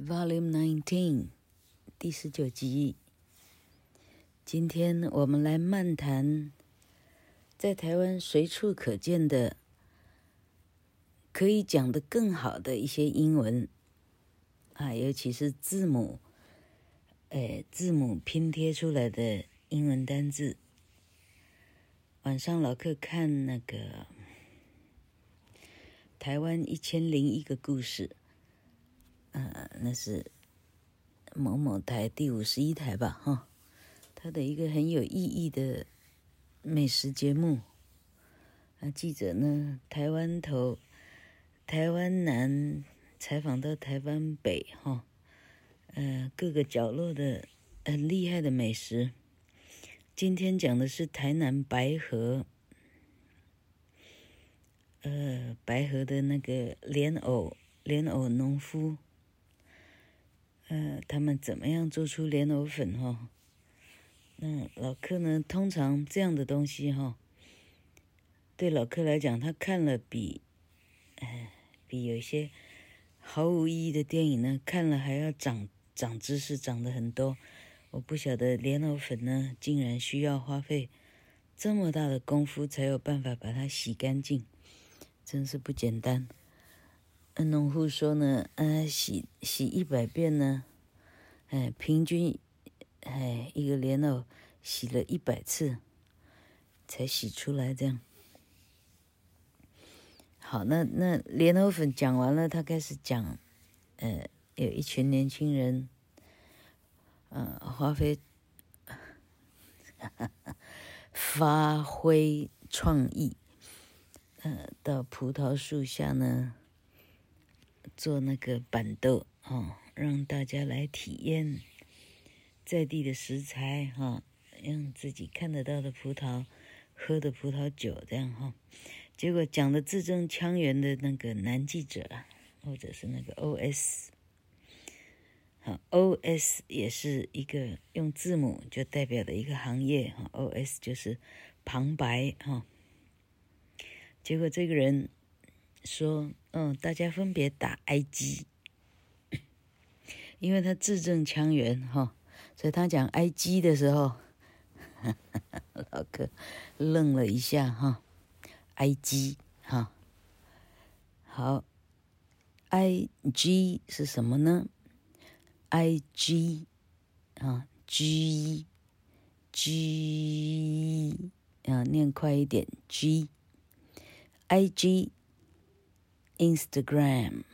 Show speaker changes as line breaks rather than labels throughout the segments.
Volume Nineteen，第十九集。今天我們來漫談，在台灣隨處可見的，可以講得更好的一些英文，啊，尤其是字母，呃，字母拼貼出來的英文單字。晚上老客看那個《台灣一千零一個故事》。嗯、呃，那是某某台第五十一台吧？哈、哦，它的一個很有意義的美食節目。那、啊、記者呢，台灣頭，台灣南採訪到台灣北，哈、哦，呃，各個角落的很厲害的美食。今天講的是台南白河，呃，白河的那個蓮藕，蓮藕農夫。呃，他們怎麼樣做出蓮藕粉哦？那老客呢？通常這樣的東西哈、哦，對老客來講，他看了比，哎，比有些毫無意義的電影呢，看了還要長長知識，長得很多。我不曉得蓮藕粉呢，竟然需要花費這麼大的功夫才有辦法把它洗乾淨，真是不簡單。嗯，農戶說呢，啊、呃，洗洗一百遍呢。哎，平均，哎，一個蓮藕洗了一百次，才洗出來這樣。好，那那蓮藕粉講完了，他開始講，呃，有一群年輕人，啊、呃，發揮，發揮創意，呃，到葡萄樹下呢，做那個板豆啊。哦讓大家來體驗在地的食材哈，讓自己看得到的葡萄，喝的葡萄酒，這樣哈。結果講的字正腔圓的那個男記者，或者是那個 OS，啊，OS 也是一個用字母就代表的一個行業哈，OS 就是旁白哈。結果這個人說：“嗯，大家分別打 IG。”因為他字正腔圓哈、哦，所以他講 IG 的時候，呵呵老哥愣了一下哈。哦、IG 哈、哦，好，IG 是什麼呢？IG 啊、哦、G G 啊，念快一點，G I G Instagram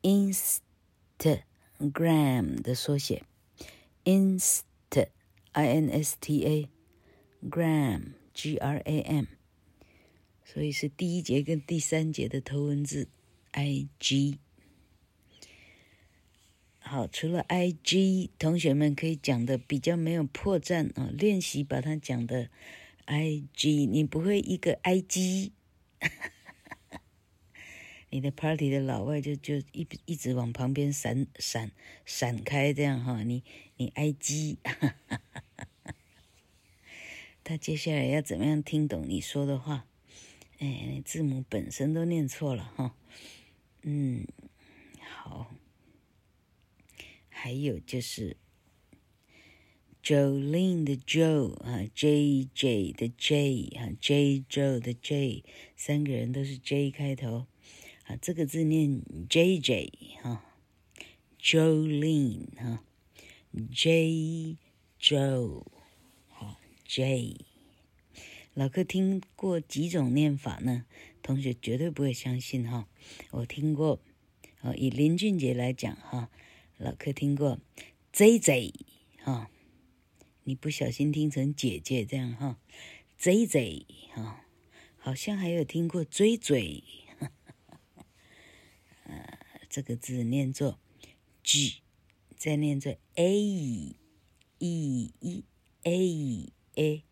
Insta gram 的縮寫，insta，i n s t a gram g r a m，所以是第一節跟第三節的頭文字 i g。好，除了 i g，同學們可以講的比較沒有破綻啊、哦。練習把它講的 i g，你不會一個 i g。 你的 party 的老外就就一一直往旁邊閃閃閃開，這樣哈，你你 IG 哈哈哈。他 接下來要怎麼樣聽懂你說的話？哎，你字母本身都念錯了哈。嗯，好，還有就是 Jolene 的 Jo 啊，JJ 的 J 啊，JJo 的 J，三個人都是 J 開頭。啊，這個字念 JJ、啊 Jolin, 啊、J J 哈 Jolin 哈、啊、J j o 好 J，老柯聽過幾種念法呢？同學絕對不會相信哈、啊，我聽過啊以林俊傑來講哈、啊，老柯聽過 J J 啊，你不小心聽成姐姐這樣哈、啊、J J 啊，好像還有聽過追追。這個字念作 g，再念作 a e e a a，a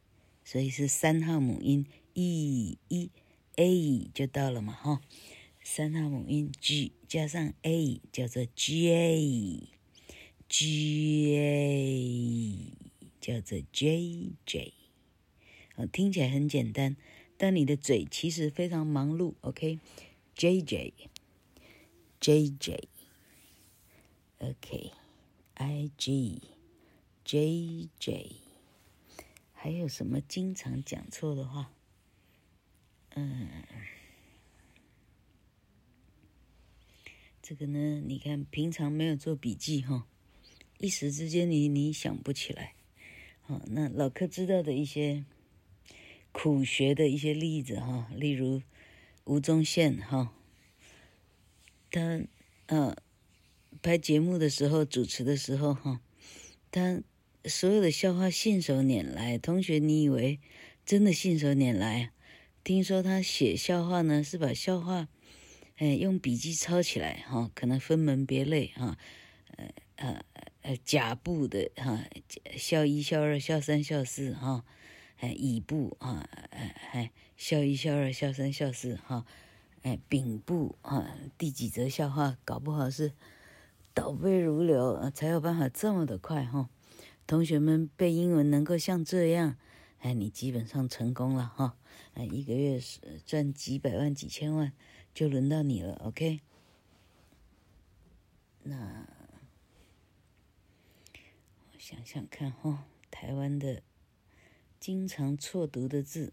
所以是三號母音 e e a 就到了嘛，哈，哦。三號母音 g 加上 a 叫做 ja，ja 叫做 jj。哦，聽起來很簡單，但你的嘴其實非常忙碌。OK，jj，okay？J J，OK，I G，J J，還有什麼經常講錯的話？嗯，這個呢，你看平常沒有做筆記哈，一時之間你你想不起來。好，那老柯知道的一些苦學的一些例子哈，例如吳宗憲哈。他，呃，拍節目的時候，主持的時候，哈、哦，他所有的笑話信手拈來。同學，你以為真的信手拈來？聽說他寫笑話呢，是把笑話，哎，用筆記抄起來，哈、哦，可能分門別類哈、哦。呃呃呃，甲部的哈，笑、哦、一笑二笑三笑四哈、哦，哎乙部啊、哦，哎笑一笑二笑三笑四哈。哦哎，丙部啊，第幾則笑話？搞不好是倒背如流啊，才有辦法這麼的快哈、哦。同學們背英文能夠像這樣，哎，你基本上成功了哈、哦。哎，一個月是賺幾百萬、幾千萬，就輪到你了，OK？那我想想看哈、哦，台灣的經常錯讀的字。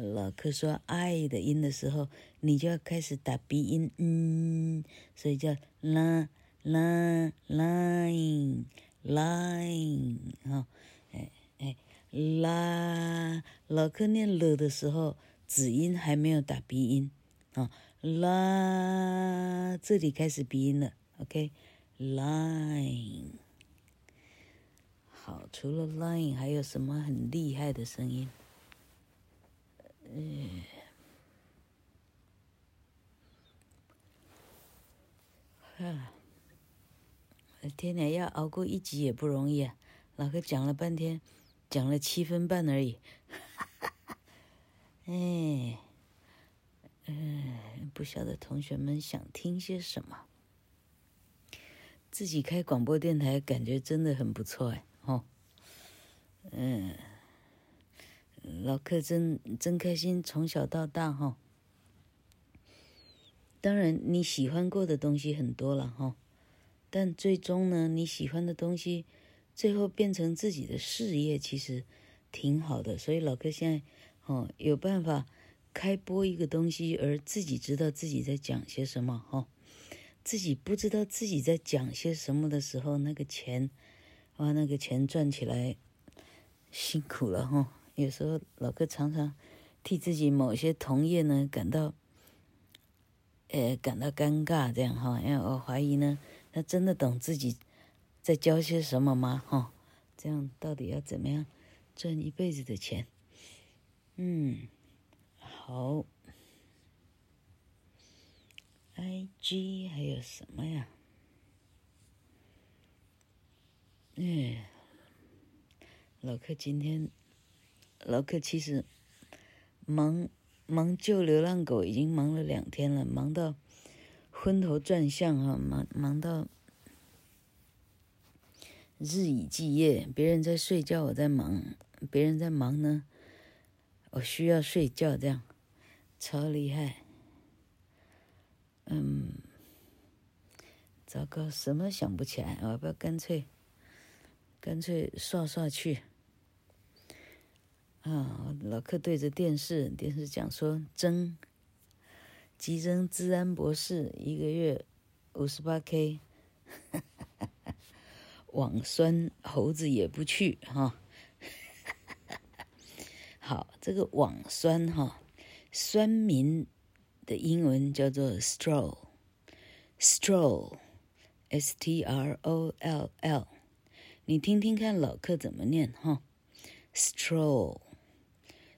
老柯說“愛”的音的時候，你就要開始打鼻音，嗯，所以叫“啦啦 line line” 啊，哎哎啦，老柯念“了”的時候，子音還沒有打鼻音啊啦、哦，這裡開始鼻音了，OK，line。OK？好，除了 line，還有什麼很厲害的聲音？嗯、哎，哈，我天要熬過一集也不容易啊，老哥講了半天，講了七分半而已，哈哈哎，嗯、哎，不曉得同學們想聽些什麼，自己開廣播電台感覺真的很不錯哎，哦，嗯、哎。老柯真真開心，從小到大哈。當然你喜歡過的東西很多了哈，但最終呢，你喜歡的東西最後變成自己的事業，其實挺好的。所以老柯現在哦，有辦法開播一個東西，而自己知道自己在講些什麼哈。自己不知道自己在講些什麼的時候，那個錢，哇，那個錢賺起來辛苦了哈。有時候老哥常常替自己某些同業呢感到，呃，感到尷尬，這樣哈，因為我懷疑呢，他真的懂自己在教些什麼嗎？哈、哦，這樣到底要怎麼樣賺一輩子的錢？嗯，好，IG 還有什麼呀？嗯，老哥今天。老客其實忙忙救流浪狗已經忙了兩天了，忙到昏頭轉向啊！忙忙到日以繼夜，別人在睡覺，我在忙；別人在忙呢，我需要睡覺。這樣超厲害。嗯，糟糕，什麼想不起來？我要不要乾脆乾脆刷刷去。啊、哦，老客對着電視，電視講說：“徵，急徵資安博士一個月五十八 k，網酸猴子也不去哈。哦” 好，這個網酸哈，酸民的英文叫做 stroll，stroll，s t r o l l，你聽聽看老客怎麼念哈、哦，stroll。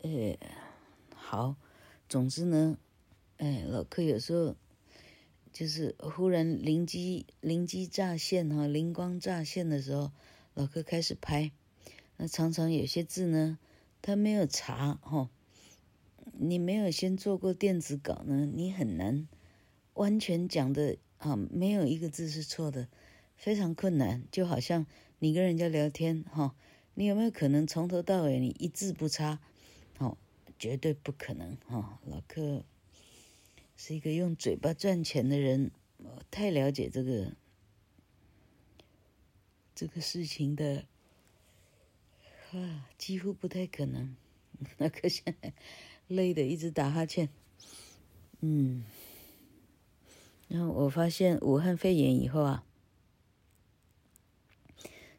呃，好，總之呢，哎，老柯有時候就是忽然靈機靈機乍現哈，靈光乍現的時候，老柯開始拍。那常常有些字呢，他沒有查哈、哦，你沒有先做過電子稿呢，你很難完全講的啊、哦，沒有一個字是錯的，非常困難。就好像你跟人家聊天哈、哦，你有沒有可能從頭到尾你一字不差？絕對不可能哈、哦！老柯是一個用嘴巴賺錢的人，我太了解這個這個事情的、啊，幾乎不太可能。老柯現在累得一直打哈欠，嗯。然後我發現武漢肺炎以後啊，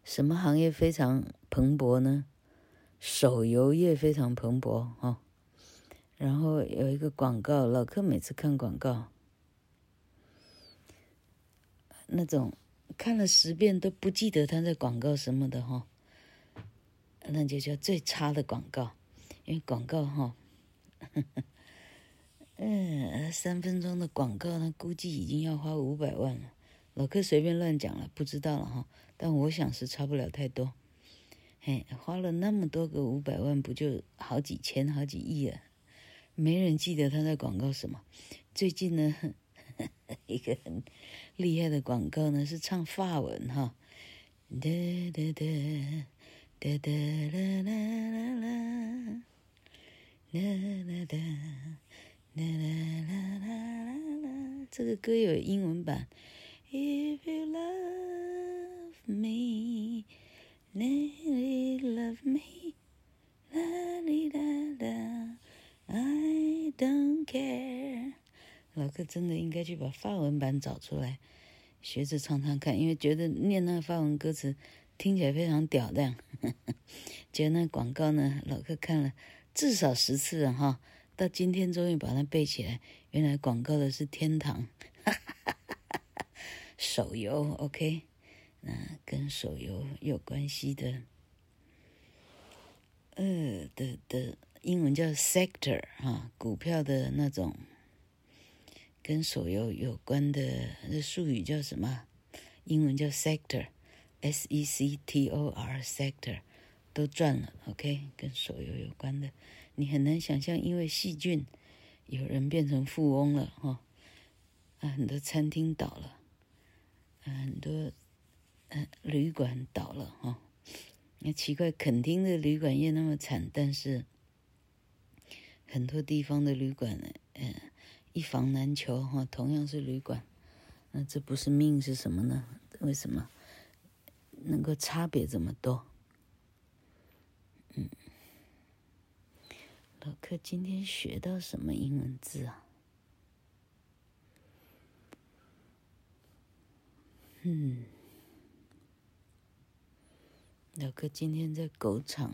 什麼行業非常蓬勃呢？手遊業非常蓬勃啊！哦然後有一個廣告，老客每次看廣告，那種看了十遍都不記得他在廣告什麼的哈，那就叫最差的廣告。因為廣告哈，嗯，三分鐘的廣告，他估計已經要花五百萬了。老客隨便亂講了，不知道了哈，但我想是差不了太多。嘿，花了那麼多個五百萬，不就好幾千、好幾億啊。沒人記得他在廣告什麼。最近呢，一個很厲害的廣告呢是唱法文哈。噠噠噠噠噠啦啦啦啦，啦啦啦啦啦啦啦啦。這個歌有英文版。I don't care，老哥真的應該去把法文版找出來，學着唱唱看，因為覺得念那個法文歌詞聽起來非常屌亮。覺 得那廣告呢，老哥看了至少十次了哈，到今天終於把它背起來。原來廣告的是天堂哈哈哈哈手遊，OK，那跟手遊有關係的，呃的的。的英文叫 sector，啊，股票的那種，跟手遊有，有關的這術語叫什麼？英文叫 sector，s e c t o r sector，都賺了，OK？跟手遊有，有關的，你很難想象，因為細菌，有人變成富翁了，哈，啊，很多餐廳倒了，啊，很多、啊、旅館倒了，哈、啊，那奇怪，墾丁的旅館業那麼慘，但是。很多地方的旅館，嗯，一房難求哈。同樣是旅館，那這不是命是什麼呢？為什麼能夠差別這麼多？嗯，老哥今天學到什麼英文字啊？嗯，老哥今天在狗場。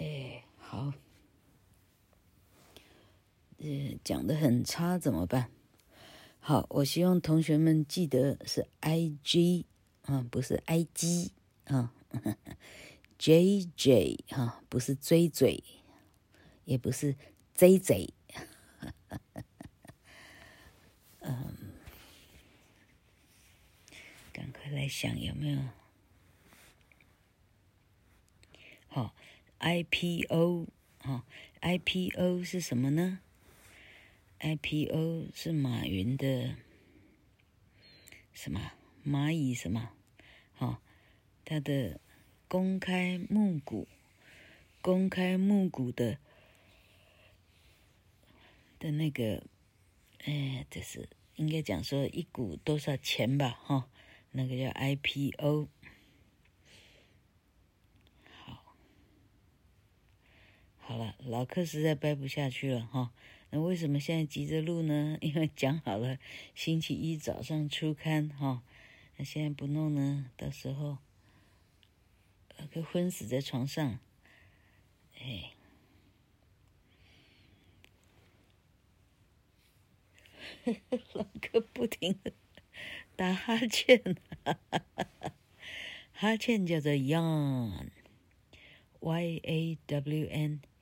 哎，好。呃，講得很差怎麼辦？好，我希望同學們記得是 I G 啊，不是 I g 啊、哦、，J J 啊、哦，不是追嘴，也不是 J 賊。嗯，趕快來想有沒有。IPO，啊、哦、IPO 是什麼呢？IPO 是馬雲的什麼螞蟻什麼，哦，他的公開募股，公開募股的的那個，哎，這是應該講說一股多少錢吧，哈、哦，那個叫 IPO。好了，老客實在掰不下去了哈。那為什麼現在急着錄呢？因為講好了星期一早上出刊哈。那現在不弄呢，到時候老客昏死在床上。哎， 老客不停的打哈欠，哈欠叫做 yawn，Y-A-W-N。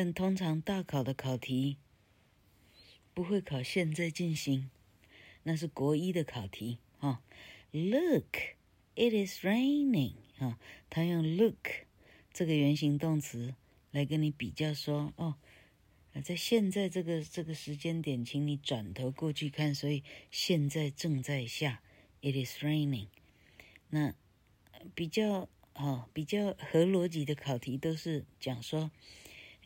但通常大考的考題不會考現在進行，那是國一的考題哈、哦。Look, it is raining，哦。哈，他用 look 這個原形動詞來跟你比較說哦，在現在這個這個時間點，請你轉頭過去看，所以現在正在下，it is raining。那比較哈、哦，比較合邏輯的考題都是講說。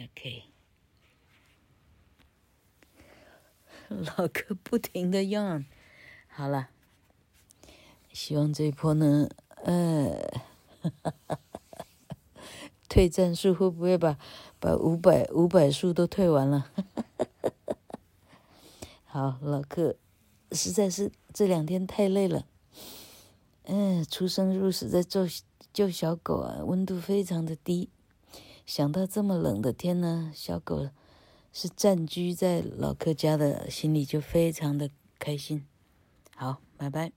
OK，老哥不停的用，好了，希望這一波呢，呃、哎，退戰術會不會把把五百五百數都退完了？好，老哥，實在是這兩天太累了，嗯、哎，出生入死在救救，救小狗啊，溫度非常的低。想到這麼冷的天呢，小狗是暫居在老客家的心裡就非常的開心。好，拜拜。